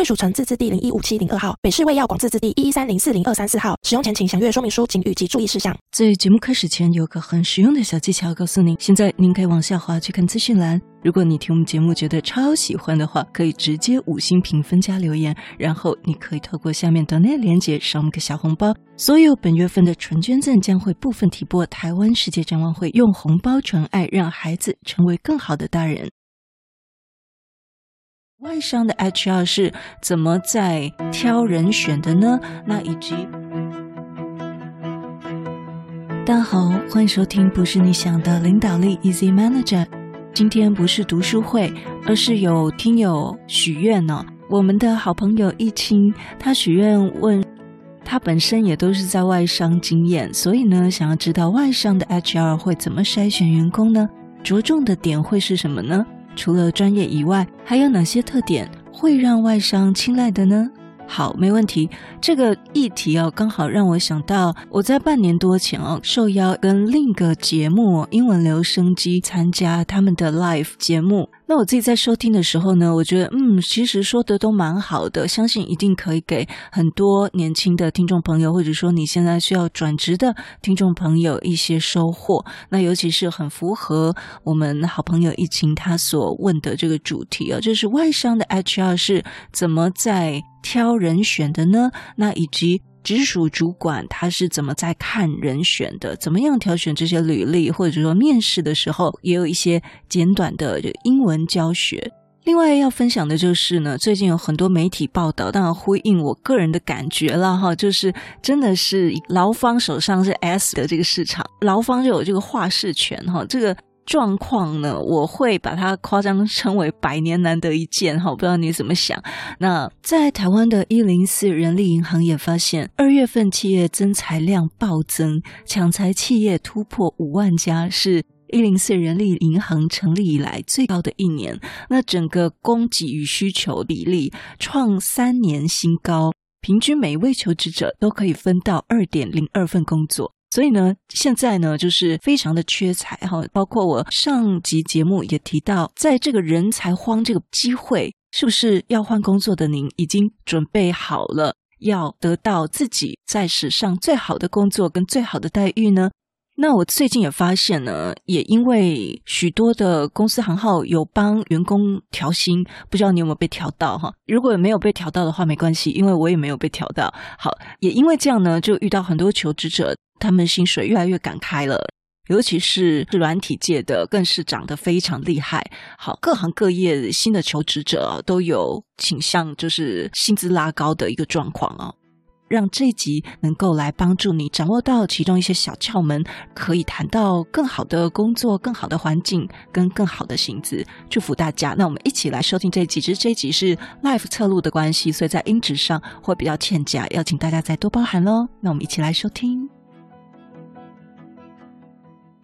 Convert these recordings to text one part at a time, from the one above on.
歸屬證自治第零一五七零二號，北市衛藥廣自治第一一三零四零二三四號。使用前請詳閱說明書警語及注意事項。在節目開始前，有個很實用的小技巧告訴您：現在您可以往下滑去看資訊欄。如果你聽我們節目覺得超喜歡的話，可以直接五星評分加留言，然後你可以透過下面的那鏈接賞我們個小紅包。所有本月份的純捐贈將會部分提撥台灣世界展望會，用紅包傳愛，讓孩子成為更好的大人。外商的 HR 是怎麼在挑人選的呢？那以及，大家好，歡迎收聽《不是你想的領導力 Easy Manager》。今天不是讀書會，而是有聽友許願哦。我們的好朋友易清，他許願問他本身也都是在外商經驗，所以呢，想要知道外商的 HR 會怎麼篩選員工呢？着重的點會是什麼呢？除了專業以外，還有哪些特點會讓外商青睞的呢？好，沒問題。這個議題哦，剛好讓我想到，我在半年多前哦，受邀跟另一個節目《英文留聲機》參加他們的 Live 節目。那我自己在收聽的時候呢，我覺得，嗯，其實說的都蠻好的，相信一定可以給很多年輕的聽眾朋友，或者說你現在需要轉職的聽眾朋友一些收穫。那尤其是很符合我們好朋友一晴他所問的這個主題啊，就是外商的 HR 是怎麼在挑人選的呢？那以及。直屬主管他是怎麼在看人選的？怎麼樣挑選這些履歷，或者說面試的時候，也有一些簡短的英文教學。另外要分享的就是呢，最近有很多媒體報道，當然呼應我個人的感覺了哈，就是真的是勞方手上是 Ace 的這個市場，勞方就有這個話事權哈，這個。狀況呢，我會把它誇張稱為百年難得一見哈，不知道你怎麼想。那在台灣的104人力銀行也發現，二月份企業徵才量暴增，搶才企業突破五萬家，是104人力銀行成立以來最高的一年。那整個供給與需求比例創三年新高，平均每一位求職者都可以分到二點零二份工作。所以呢，現在呢，就是非常的缺才哈。包括我上集節目也提到，在這個人才荒這個機會，是不是要換工作的您已經準備好了，要得到自己在史上最好的工作跟最好的待遇呢？那我最近也發現呢，也因為許多的公司行號有幫員工調薪，不知道你有沒有被調到哈？如果沒有被調到的話，沒關係，因為我也沒有被調到。好，也因為這樣呢，就遇到很多求職者。他們薪水越來越敢開了，尤其是軟體界的更是漲得非常厲害。好，各行各業新的求職者都有傾向，就是薪資拉高的一個狀況哦。讓這一集能夠來幫助你掌握到其中一些小竅門，可以談到更好的工作、更好的環境跟更好的薪資。祝福大家，那我們一起來收聽這一集。其實這一集是 LIVE 側錄的關係，所以在音質上會比較欠佳，要請大家再多包涵咯。那我們一起來收聽。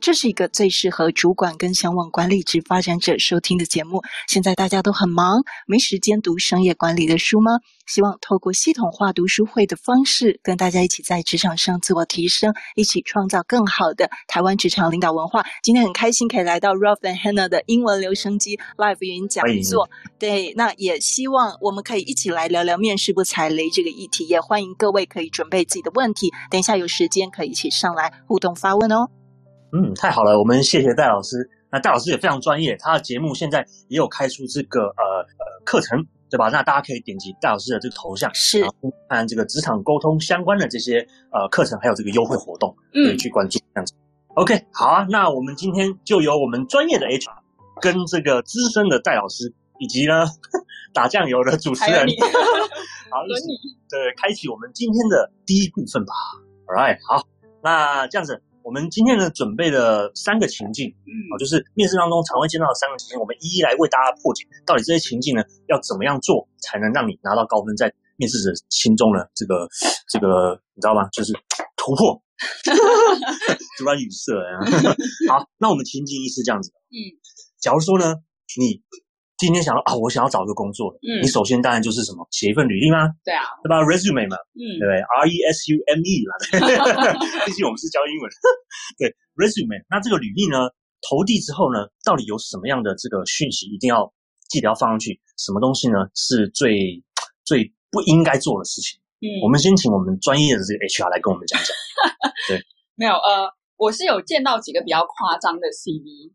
這是一個最適合主管跟想往管理職發展者收聽的節目。現在大家都很忙，沒時間讀商業管理的書嗎？希望透過系統化讀書會的方式，跟大家一起在職場上自我提升，一起創造更好的台灣職場領導文化。今天很開心可以來到 Ralph and Hannah 的英文留聲機 Live 語音講座。對，那也希望我們可以一起來聊聊面試不踩雷這個議題。也歡迎各位可以準備自己的問題，等一下有時間可以一起上來互動發問哦。嗯，太好了，我們謝謝戴老師。那戴老師也非常專業，他的節目現在也有開出這個呃呃課程，對吧？那大家可以點擊戴老師的這個頭像，是然後看這個職場溝通相關的這些呃課程，還有這個優惠活動，可以去關注。嗯、這樣子，OK，好啊。那我們今天就由我們專業的 HR 跟這個資深的戴老師，以及呢 打醬油的主持人， 好輪椅、就是、對，開啟我們今天的第一部分吧。All right，好，那這樣子。我們今天呢準備了三個情境，嗯，好、啊，就是面試當中常會見到的三個情境，我們一一來為大家破解，到底這些情境呢要怎麼樣做才能讓你拿到高分，在面試者心中呢這個這個你知道嗎？就是突破， 突然語塞呀。 好，那我們情境一是這樣子的，嗯，假如說呢你。今天想到啊、哦，我想要找一個工作的嗯，你首先當然就是什麼，寫一份履歷嗎？對啊，對吧？Resume 嘛、嗯，對不對？R E S U M E，畢竟 我們是教英文。 對，Resume。那這個履歷呢，投遞之後呢，到底有什麼樣的這個訊息一定要記得要放上去？什麼東西呢，是最最不應該做的事情？嗯，我們先請我們專業的這個 HR 來跟我們講講。 對，沒有呃，我是有見到幾個比較誇張的 CV。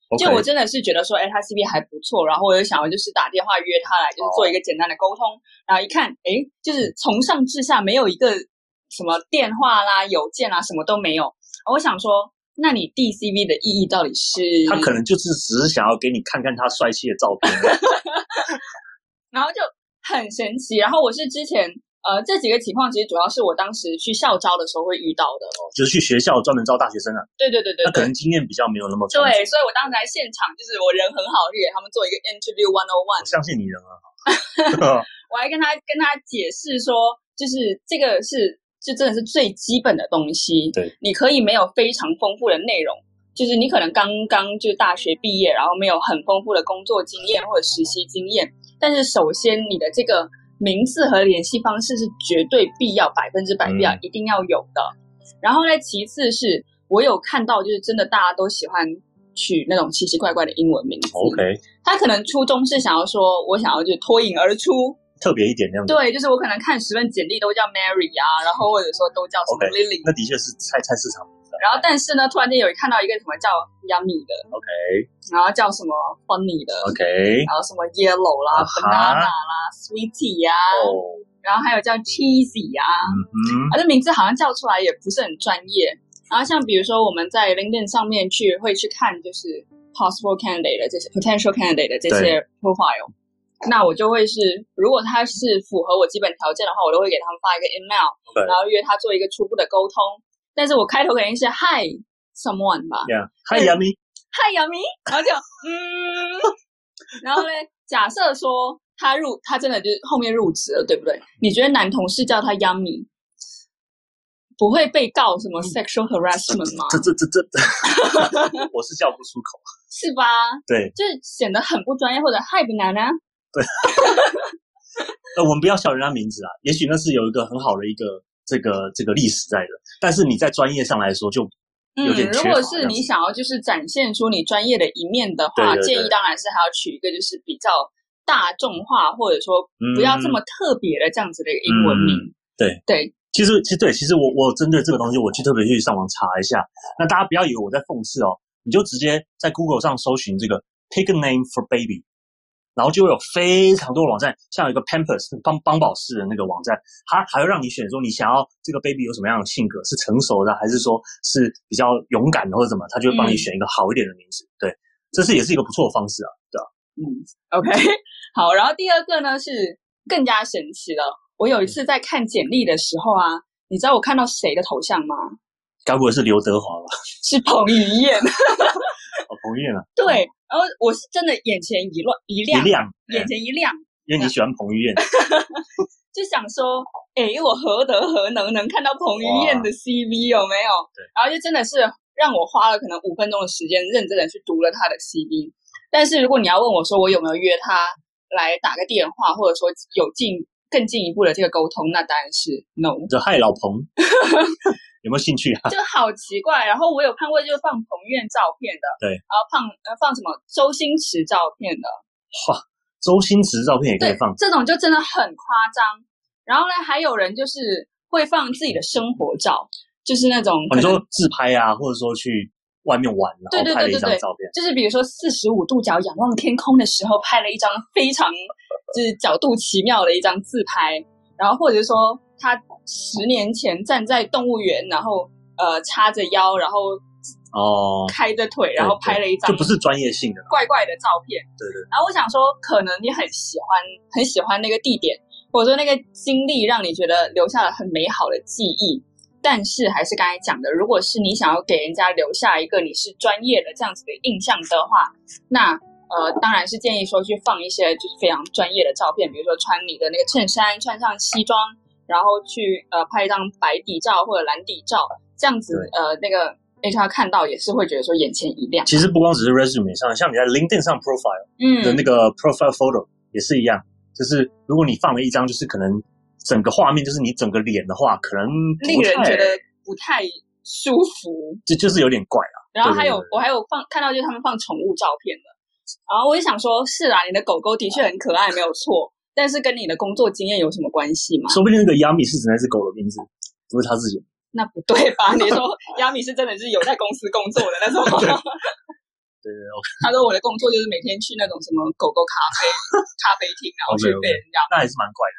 Okay. 就我真的是覺得說，哎，他 CV 還不錯，然後我就想要就是打電話約他來，oh. 就是做一個簡單的溝通。然後一看，誒，就是從上至下沒有一個什麼電話啦、郵件啦、啊，什麼都沒有。然後我想說，那你 DCV 的意義到底是？他可能就是只是想要給你看看他帥氣的照片， 然後就很神奇。然後我是之前。呃，這幾個情況其實主要是我當時去校招的時候會遇到的，哦，就是去學校專門招大學生啊。對對對對，對，那可能經驗比較沒有那麼足。對，所以我當時在現場，就是我人很好，就給他們做一個 interview one on one。相信你人啊， 我還跟他跟他解釋說，就是這個是就真的是最基本的東西。對，你可以沒有非常豐富的內容，就是你可能剛剛就大學畢業，然後沒有很豐富的工作經驗或者實習經驗，但是首先你的這個。名字和聯繫方式是絕對必要，百分之百必要，嗯，一定要有的。然後呢，其次是我有看到，就是真的大家都喜歡取那種奇奇怪怪的英文名字。OK，他可能初衷是想要說，我想要就脫穎而出，特別一點這樣子。對，就是我可能看十份簡歷都叫 Mary 啊，然後或者說都叫什麼 Lily。Okay。那的確是菜菜市場。然後，但是呢，突然間有看到一個什麼叫 yummy 的，OK，然後叫什麼 funny 的，OK，然後什麼 yellow 啦、uh -huh.，banana 啦 sweetie 啊，oh. 然後還有叫 cheesy 啊，啊、mm -hmm.，這名字好像叫出來也不是很專業。然後像比如說我們在 LinkedIn 上面去會去看，就是 possible candidate 的這些 potential candidate 的這些 profile，那我就會是如果他是符合我基本條件的話，我都會給他們發一個 email，然後約他做一個初步的溝通。但是我開頭肯定是 hi someone 吧，yeah hi yummy hi yummy， 然後就嗯， 然後呢，假設說他入他真的就是後面入職了，對不對？你覺得男同事叫他 yummy，不會被告什麼 sexual harassment 嗎？這這這這，我是叫不出口， 是吧？對，就顯得很不專業或者 hi banana 啊。對， 呃，我們不要笑人家名字啊，也許那是有一個很好的一個。這個這個歷史在的，但是你在專業上來說就，嗯，如果是你想要就是展現出你專業的一面的話，對的對，建議當然是還要取一個就是比較大眾化或者說不要這麼特別的這樣子的一個英文名。嗯嗯、對對，其實其實對，其實我我針對這個東西我去特別去上網查一下，那大家不要以為我在諷刺哦，你就直接在 Google 上搜尋這個 Pick a name for baby。然後就會有非常多的網站，像有一個 Pampers 幫幫寶適的那個網站，它還會讓你選說你想要這個 baby 有什麼樣的性格，是成熟的還是說是比較勇敢的，或者什麼，它就會幫你選一個好一點的名字。嗯、對，這是也是一個不錯的方式啊。對吧、啊、嗯，OK，好。然後第二個呢是更加神奇了。我有一次在看簡歷的時候啊，嗯、你知道我看到誰的頭像嗎？該不會是劉德華吧。是彭於晏。哦，彭於晏、啊。對。然後我是真的眼前一亂一亮，一亮，眼前一亮，因為你喜歡彭於晏， 就想說，哎、欸，我何德何能，能看到彭於晏的 CV 有沒有？然後就真的是讓我花了可能五分鐘的時間，認真的去讀了他的 CV。但是如果你要問我說，我有沒有約他來打個電話，或者說有進更進一步的這個溝通，那當然是 no。就害老彭。 有沒有興趣啊？ 就好奇怪。然後我有看過，就是放彭於晏照片的，對，然後放呃放什麼周星馳照片的，哇，周星馳照片也可以放。這種就真的很誇張。然後呢，還有人就是會放自己的生活照，嗯、就是那種比如說自拍啊，或者說去外面玩，對，然後拍了一張照片，對對對對對，就是比如說四十五度角仰望天空的時候拍了一張非常就是角度奇妙的一張自拍，然後或者說。他十年前站在動物園，然後呃，叉着腰，然後哦，開着腿，然後拍了一張，就不是專業性的怪怪的照片。對，對對。然後我想說，可能你很喜歡很喜歡那個地點，或者說那個經歷，讓你覺得留下了很美好的記憶。但是還是剛才講的，如果是你想要給人家留下一個你是專業的這樣子的印象的話，那呃，當然是建議說去放一些就是非常專業的照片，比如說穿你的那個襯衫，穿上西裝。然後去呃拍一張白底照或者藍底照，這樣子呃那個 HR 看到也是會覺得說眼前一亮、啊。其實不光只是 resume 上，像你在 LinkedIn 上 profile 的那個 profile photo 也是一樣、嗯，就是如果你放了一張就是可能整個畫面就是你整個臉的話，可能令人覺得不太舒服，嗯、就就是有點怪了、啊。然後還有對對我還有放看到就是他們放寵物照片的，然後我就想說，是啊，你的狗狗的確很可愛，嗯、沒有錯。但是跟你的工作經驗有什麼關係嗎？說不定那個 Yummy 是只能是狗的名字，不是他自己。那不對吧？你說 Yummy 是真的是有在公司工作的那種嗎？ 對對，okay. 他說我的工作就是每天去那種什麼狗狗咖啡 咖啡廳，然後去被人家。那還是蠻怪的，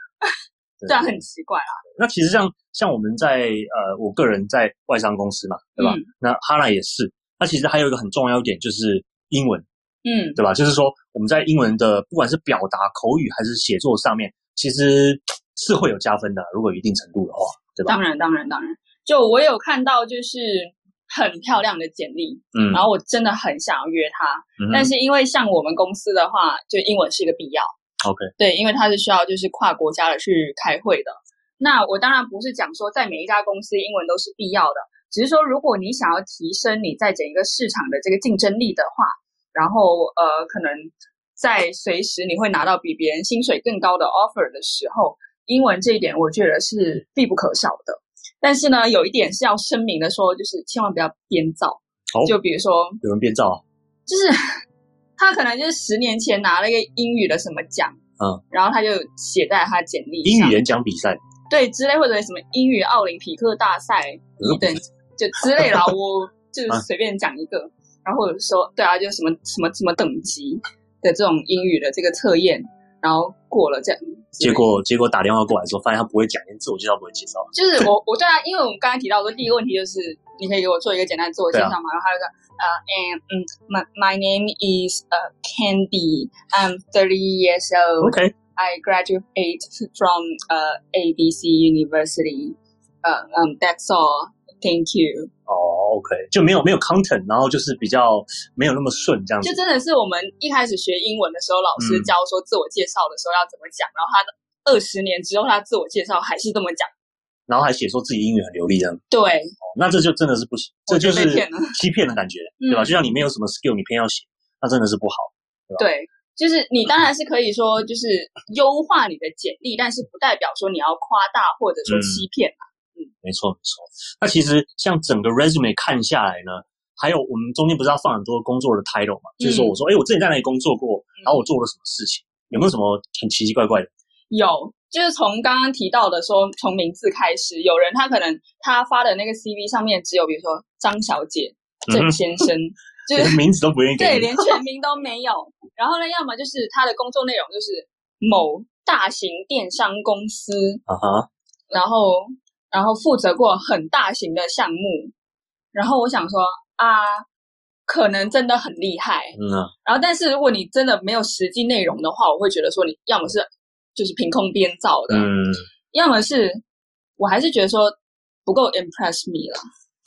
對啊， 很奇怪啊。那其實像像我們在呃，我個人在外商公司嘛，對吧？嗯、那 Hannah 也是。那其實還有一個很重要一點就是英文，嗯，對吧？就是說。我們在英文的不管是表達口語還是寫作上面，其實是會有加分的，如果有一定程度的話，對吧？當然，當然，當然。就我有看到就是很漂亮的簡歷，嗯，然後我真的很想要約他，嗯，但是因為像我們公司的話，就英文是一個必要，OK，對，因為他是需要就是跨國家的去開會的。那我當然不是講說在每一家公司英文都是必要的，只是說如果你想要提升你在整一個市場的這個競爭力的話。然後呃，可能在隨時你會拿到比別人薪水更高的 offer 的時候，英文這一點我覺得是必不可少的。但是呢，有一點是要聲明的說，說就是千萬不要編造。哦、就比如說有人編造、啊，就是他可能就是十年前拿了一個英語的什麼獎，嗯，然後他就寫在他簡歷。英語演講比賽。對，之類或者什麼英語奧林匹克大賽等等、嗯，就之類啦， 我就隨便講一個。啊然後我就說，對啊，就是什麼什麼什麼等級的這種英語的這個測驗，然後過了這樣。結果結果打電話過來說，發現他不會講字，連自我介紹不會介紹。就是我 我對啊，因為我們剛才提到說，第一個問題就是，你可以給我做一個簡單做的自我介紹嘛。然後他就說，呃，嗯嗯，my my name is uh Candy，I'm thirty years old，I、okay. graduate from uh ABC University，呃、uh, 嗯、um,，that's all。Thank you，oh, 哦，OK，就沒有沒有 content、嗯、然後就是比較沒有那麼順，這樣子。就真的是我們一開始學英文的時候，老師教說自我介紹的時候要怎麼講，嗯，然後他的二十年之後他自我介紹還是這麼講，然後還寫說自己英語很流利這樣。對，oh, 那這就真的是不行，這就是欺騙的感覺，嗯，對吧？就像你沒有什麼 skill，你偏要寫，那真的是不好，對吧？對，就是你當然是可以說就是優化你的簡歷， 但是不代表說你要誇大或者說欺騙嘛。嗯，沒錯沒錯。那其實像整個 resume 看下來呢，還有我們中間不是要放很多工作的 title 嘛、嗯，就是說我說，哎、欸，我之前在那裡工作過，然後我做了什麼事情，嗯、有沒有什麼很奇奇怪怪的？有，就是從剛剛提到的說，從名字開始，有人他可能他發的那個 CV 上面只有，比如說張小姐、鄭、嗯、先生，就是連名字都不願意給，對，連全名都沒有。 然後呢，要麼就是他的工作內容就是某大型電商公司啊哈、嗯，然後。然後負責過很大型的項目，然後我想說啊，可能真的很厲害，嗯、啊。然後，但是如果你真的沒有實際內容的話，我會覺得說你要麼是就是憑空編造的，嗯。要麼是我還是覺得說不夠 impress me 了。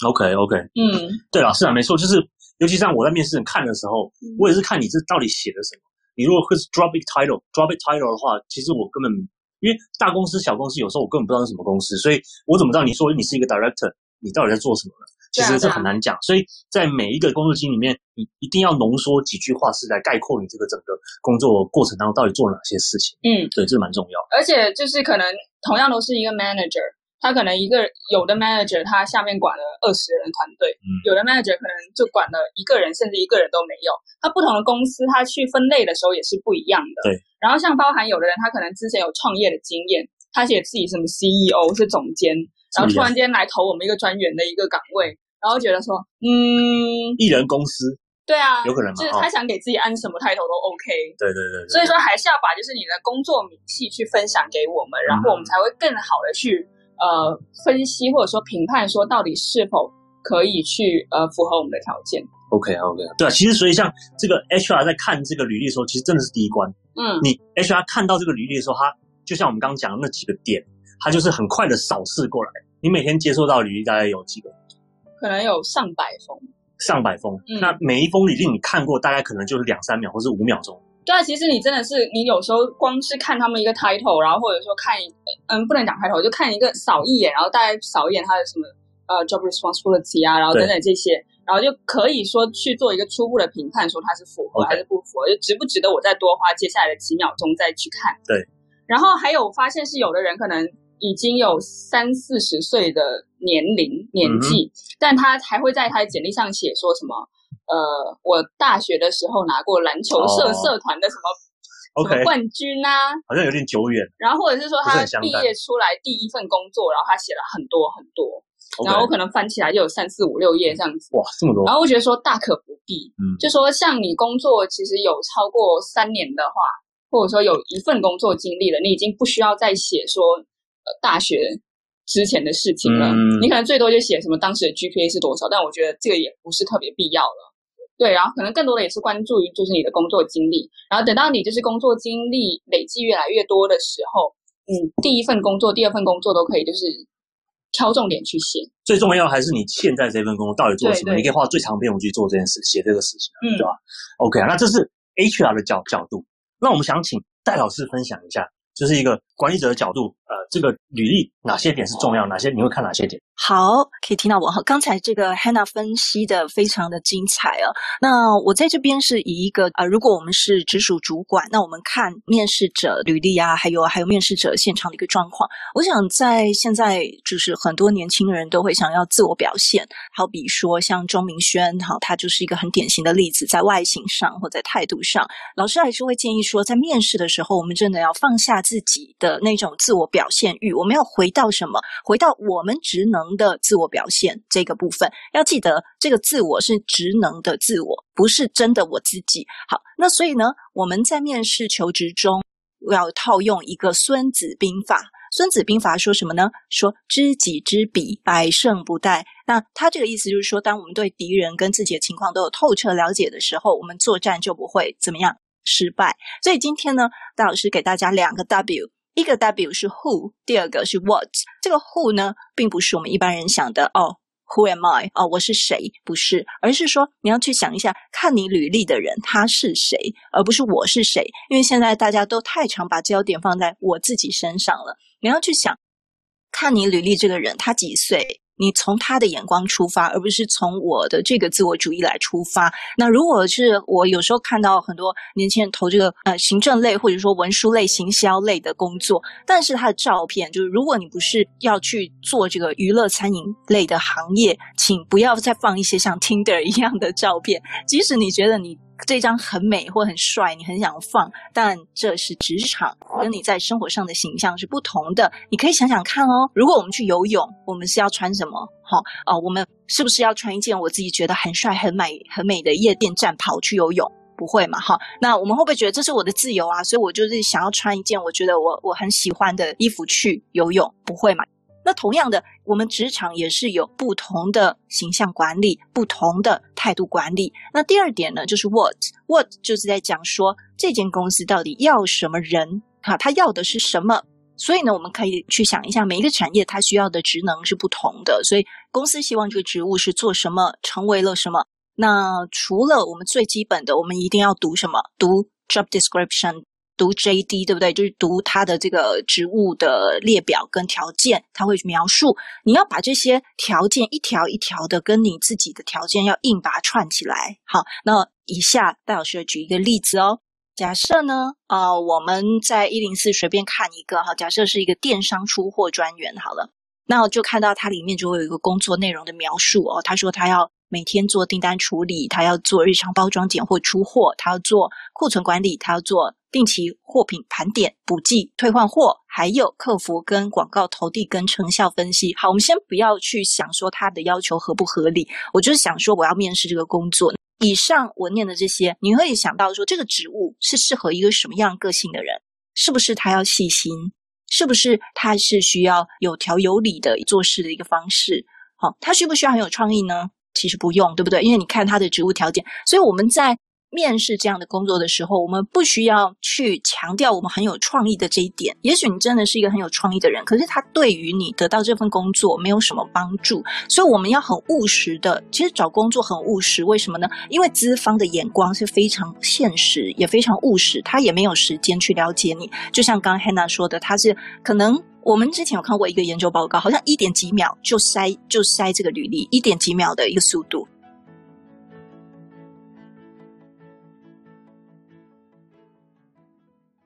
OK，OK，okay, okay. 嗯，對啊，是啊，沒錯，就是尤其像我在面試人看的時候、嗯，我也是看你這到底寫的什麼。你如果是 drop it title，drop it title 的話，其實我根本。因為大公司、小公司有時候我根本不知道是什麼公司，所以我怎麼知道你說你是一個 director，你到底在做什麼呢？其實這很難講，所以在每一個工作經裡面，你一定要濃縮幾句話，是來概括你這個整個工作過程當中到底做了哪些事情。嗯，對，這蠻重要，嗯。而且就是可能同樣都是一個 manager。他可能一個有的 manager，他下面管了二十人團隊，嗯，有的 manager 可能就管了一個人，甚至一個人都沒有。他不同的公司，他去分類的時候也是不一樣的。對。然後像包含有的人，他可能之前有創業的經驗，他寫自己什麼 CEO 是總監，然後突然間來投我們一個專員的一個崗位，然後覺得說，嗯，一人公司，對啊，有可能、啊、就是他想給自己安什麼抬頭都 OK。對對，對對對。所以說，還是要把就是你的工作明細去分享給我們，嗯，然後我們才會更好的去。呃，分析、或者說評判，說到底是否可以去呃符合我們的條件。OK，OK，對啊。其實，所以像這個 HR 在看這個履歷的時候，其實真的是第一關。嗯，你 HR 看到這個履歷的時候，他就像我們剛剛講的那幾個點，他就是很快的掃視過來。你每天接收到履歷大概有幾個？可能有上百封。上百封，嗯，那每一封履歷你看過大概可能就是兩三秒，或是五秒鐘。對啊，其實你真的是，你有時候光是看他們一個 title，然後或者說看，嗯，不能講 title，就看一個掃一眼，然後大概掃一眼他的什麼呃 job responsibility 啊，然後等等這些，然後就可以說去做一個初步的評判，說他是符合還是不符合，okay. 就值不值得我再多花接下來的幾秒鐘再去看。對。然後還有發現是，有的人可能已經有三四十歲的年齡年紀、嗯，但他還會在他的簡歷上寫說什麼。呃，我大學的時候拿過籃球社社團的什麼，oh. okay. 什麼冠軍吶，啊，好像有點久遠。然後或者是說他是畢業出來第一份工作，然後他寫了很多很多，okay. 然後我可能翻起來就有三四五六頁這樣子。哇，這麼多！然後我覺得說大可不必，嗯，就說像你工作其實有超過三年的話，或者說有一份工作經歷了，你已經不需要再寫說大學之前的事情了。嗯，你可能最多就寫什麼當時的 GPA 是多少，但我覺得這個也不是特別必要了。對，然後可能更多的也是關注於就是你的工作經歷，然後等到你就是工作經歷累積越來越多的時候，嗯，第一份工作、第二份工作都可以就是挑重點去寫。最重要的還是你現在這份工作到底做什麼？對對，你可以花最長的篇幅去做這件事，寫這個事情，對吧，嗯？OK，那這是 HR 的角角度。那我們想請戴老師分享一下，就是一個管理者的角度，呃，這個履歷哪些點是重要，哪些你會看哪些點？好，可以聽到我哈。剛才這個 Hannah 分析的非常的精彩啊。那我在這邊是以一個啊、呃，如果我們是直屬主管，那我們看面試者履歷啊，還有還有面試者現場的一個狀況。我想在現在就是很多年輕人都會想要自我表現，好比說像鍾明軒哈、啊，他就是一個很典型的例子。在外形上或在態度上，老師還是會建議說，在面試的時候，我們真的要放下自己的那種自我表現慾，我們要回到什麼？回到我們職能。的自我表現這個部分要記得，這個自我是職能的自我，不是真的我自己。好，那所以呢，我們在面試求職中我要套用一個孫子兵法《孫子兵法》。《孫子兵法》說什麼呢？說知己知彼，百勝不殆。那他這個意思就是說，當我們對敵人跟自己的情況都有透徹了解的時候，我們作戰就不會怎麼樣失敗。所以今天呢，戴老師給大家兩個 W。第一個 W 是 Who，第二個是 What。這個 Who 呢，並不是我們一般人想的哦，Who am I？哦，我是誰？不是，而是說你要去想一下，看你履歷的人他是誰，而不是我是誰。因為現在大家都太常把焦點放在我自己身上了，你要去想，看你履歷這個人他幾歲？你從他的眼光出發，而不是從我的這個自我主義來出發。那如果是我有時候看到很多年輕人投這個呃行政類或者說文書類、行銷類的工作，但是他的照片就是，如果你不是要去做這個娛樂餐飲類的行業，請不要再放一些像 Tinder 一樣的照片，即使你覺得你。這張很美或很帥，你很想放，但這是職場，跟你在生活上的形象是不同的。你可以想想看哦，如果我們去游泳，我們是要穿什麼？哦，我們是不是要穿一件我自己覺得很帥、很美、很美的夜店戰袍去游泳？不會嘛？哈，那我們會不會覺得這是我的自由啊？所以我就是想要穿一件我覺得我我很喜歡的衣服去游泳？不會嘛？那同樣的，我們職場也是有不同的形象管理，不同的態度管理。那第二點呢，就是 what，what what 就是在講說這間公司到底要什麼人,哈、啊，他要的是什麼？所以呢，我們可以去想一下，每一個產業它需要的職能是不同的，所以公司希望這個職務是做什麼，成為了什麼？那除了我們最基本的，我們一定要讀什麼？讀 job description。讀 JD 對不對？就是讀它的這個職務的列表跟條件，他會描述。你要把這些條件一條一條的跟你自己的條件要硬把它串起來。好，那以下戴老師要舉一個例子哦。假設呢，啊、呃，我們在一零四隨便看一個哈，假設是一個電商出貨專員好了，那我就看到它裡面就會有一個工作內容的描述哦，他說他要。每天做訂單處理，他要做日常包裝、揀貨、出貨，他要做庫存管理，他要做定期貨品盤點、補寄、退換貨，還有客服、跟廣告投遞、跟成效分析。好，我們先不要去想說他的要求合不合理，我就是想說我要面試這個工作。以上我念的這些，你會想到說這個職務是適合一個什麼樣個性的人？是不是他要細心？是不是他是需要有條有理的做事的一個方式？好、哦，他需不需要很有創意呢？其實不用，對不對？因為你看他的職務條件，所以我們在面試這樣的工作的時候，我們不需要去強調我們很有創意的這一點。也許你真的是一個很有創意的人，可是他對於你得到這份工作沒有什麼幫助。所以我們要很務實的。其實找工作很務實，為什麼呢？因為資方的眼光是非常現實，也非常務實，他也沒有時間去了解你。就像剛剛 Hannah 說的，他是可能。我們之前有看過一個研究報告，好像一點幾秒就篩就篩這個履歷，一點幾秒的一個速度。